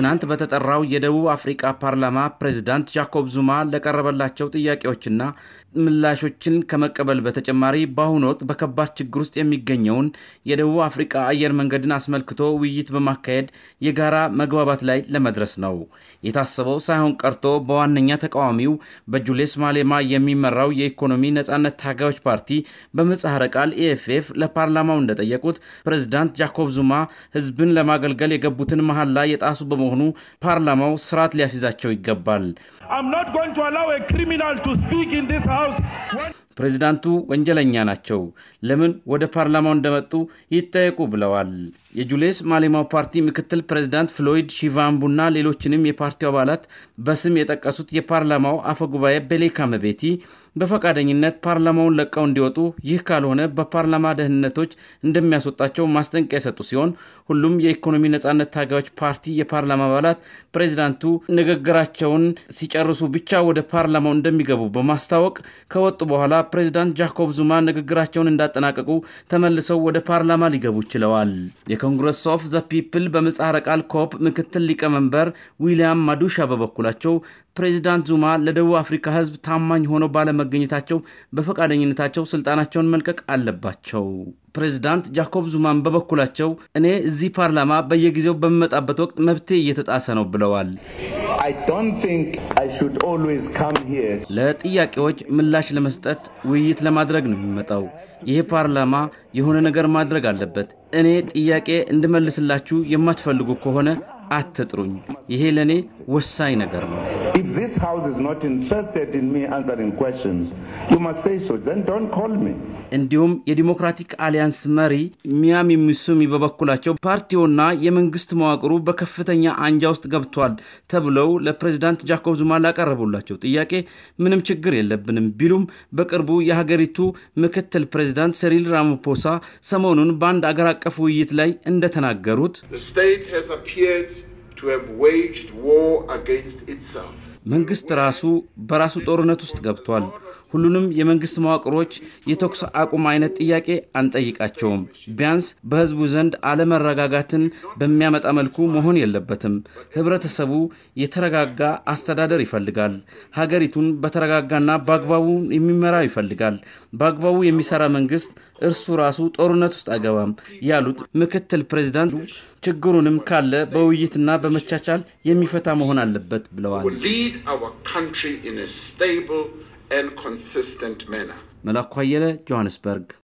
ትናንት በተጠራው የደቡብ አፍሪካ ፓርላማ ፕሬዚዳንት ጃኮብ ዙማ ለቀረበላቸው ጥያቄዎችና ምላሾችን ከመቀበል በተጨማሪ በአሁኑ ወቅት በከባድ ችግር ውስጥ የሚገኘውን የደቡብ አፍሪካ አየር መንገድን አስመልክቶ ውይይት በማካሄድ የጋራ መግባባት ላይ ለመድረስ ነው። የታሰበው ሳይሆን ቀርቶ በዋነኛ ተቃዋሚው በጁሌስ ማሌማ የሚመራው የኢኮኖሚ ነጻነት ታጋዮች ፓርቲ በምህጻረ ቃል ኢኤፍኤፍ ለፓርላማው እንደጠየቁት ፕሬዚዳንት ጃኮብ ዙማ ህዝብን ለማገልገል የገቡትን ላይ የጣሱ በመሆኑ በመሆኑ ፓርላማው ስርዓት ሊያስይዛቸው ይገባል። ፕሬዚዳንቱ ወንጀለኛ ናቸው፣ ለምን ወደ ፓርላማው እንደመጡ ይጠየቁ ብለዋል። የጁሌስ ማሌማው ፓርቲ ምክትል ፕሬዚዳንት ፍሎይድ ሺቫምቡና ሌሎችንም የፓርቲው አባላት በስም የጠቀሱት የፓርላማው አፈጉባኤ ቤሌካ መቤቲ በፈቃደኝነት ፓርላማውን ለቀው እንዲወጡ፣ ይህ ካልሆነ በፓርላማ ደህንነቶች እንደሚያስወጣቸው ማስጠንቀቂያ የሰጡ ሲሆን ሁሉም የኢኮኖሚ ነጻነት ታጋዮች ፓርቲ የፓርላማ አባላት ፕሬዚዳንቱ ንግግራቸውን ሲጨርሱ ብቻ ወደ ፓርላማው እንደሚገቡ በማስታወቅ ከወጡ በኋላ ፕሬዚዳንት ጃኮብ ዙማ ንግግራቸውን እንዳጠናቀቁ ተመልሰው ወደ ፓርላማ ሊገቡ ችለዋል። የኮንግረስ ኦፍ ዘ ፒፕል በምህጻረ ቃል ኮፕ ምክትል ሊቀመንበር ዊልያም ማዱሻ በበኩላቸው ፕሬዚዳንት ዙማ ለደቡብ አፍሪካ ሕዝብ ታማኝ ሆነው ባለመገኘታቸው በፈቃደኝነታቸው ስልጣናቸውን መልቀቅ አለባቸው። ፕሬዚዳንት ጃኮብ ዙማን በበኩላቸው እኔ እዚህ ፓርላማ በየጊዜው በሚመጣበት ወቅት መብቴ እየተጣሰ ነው ብለዋል። ለጥያቄዎች ምላሽ ለመስጠት ውይይት ለማድረግ ነው የሚመጣው። ይሄ ፓርላማ የሆነ ነገር ማድረግ አለበት። እኔ ጥያቄ እንድመልስላችሁ የማትፈልጉ ከሆነ አትጥሩኝ። ይሄ ለእኔ ወሳኝ ነገር ነው። If this house is not interested in me answering questions, you must say so, then don't call me. እንዲሁም የዲሞክራቲክ አሊያንስ መሪ ሚያሚ ሙሱሚ በበኩላቸው ፓርቲውና የመንግስት መዋቅሩ በከፍተኛ አንጃ ውስጥ ገብቷል ተብለው ለፕሬዚዳንት ጃኮብ ዙማ ላቀረቡላቸው ጥያቄ ምንም ችግር የለብንም ቢሉም በቅርቡ የሀገሪቱ ምክትል ፕሬዚዳንት ሰሪል ራማፖሳ ሰሞኑን በአንድ አገር አቀፍ ውይይት ላይ እንደተናገሩት መንግሥት ራሱ በራሱ ጦርነት ውስጥ ገብቷል። ሁሉንም የመንግስት መዋቅሮች የተኩስ አቁም አይነት ጥያቄ አንጠይቃቸውም። ቢያንስ በህዝቡ ዘንድ አለመረጋጋትን በሚያመጣ መልኩ መሆን የለበትም። ህብረተሰቡ የተረጋጋ አስተዳደር ይፈልጋል። ሀገሪቱን በተረጋጋና በአግባቡ የሚመራ ይፈልጋል። በአግባቡ የሚሰራ መንግስት እርሱ ራሱ ጦርነት ውስጥ አይገባም ያሉት ምክትል ፕሬዚዳንቱ ችግሩንም ካለ በውይይትና በመቻቻል የሚፈታ መሆን አለበት ብለዋል። and consistent manner.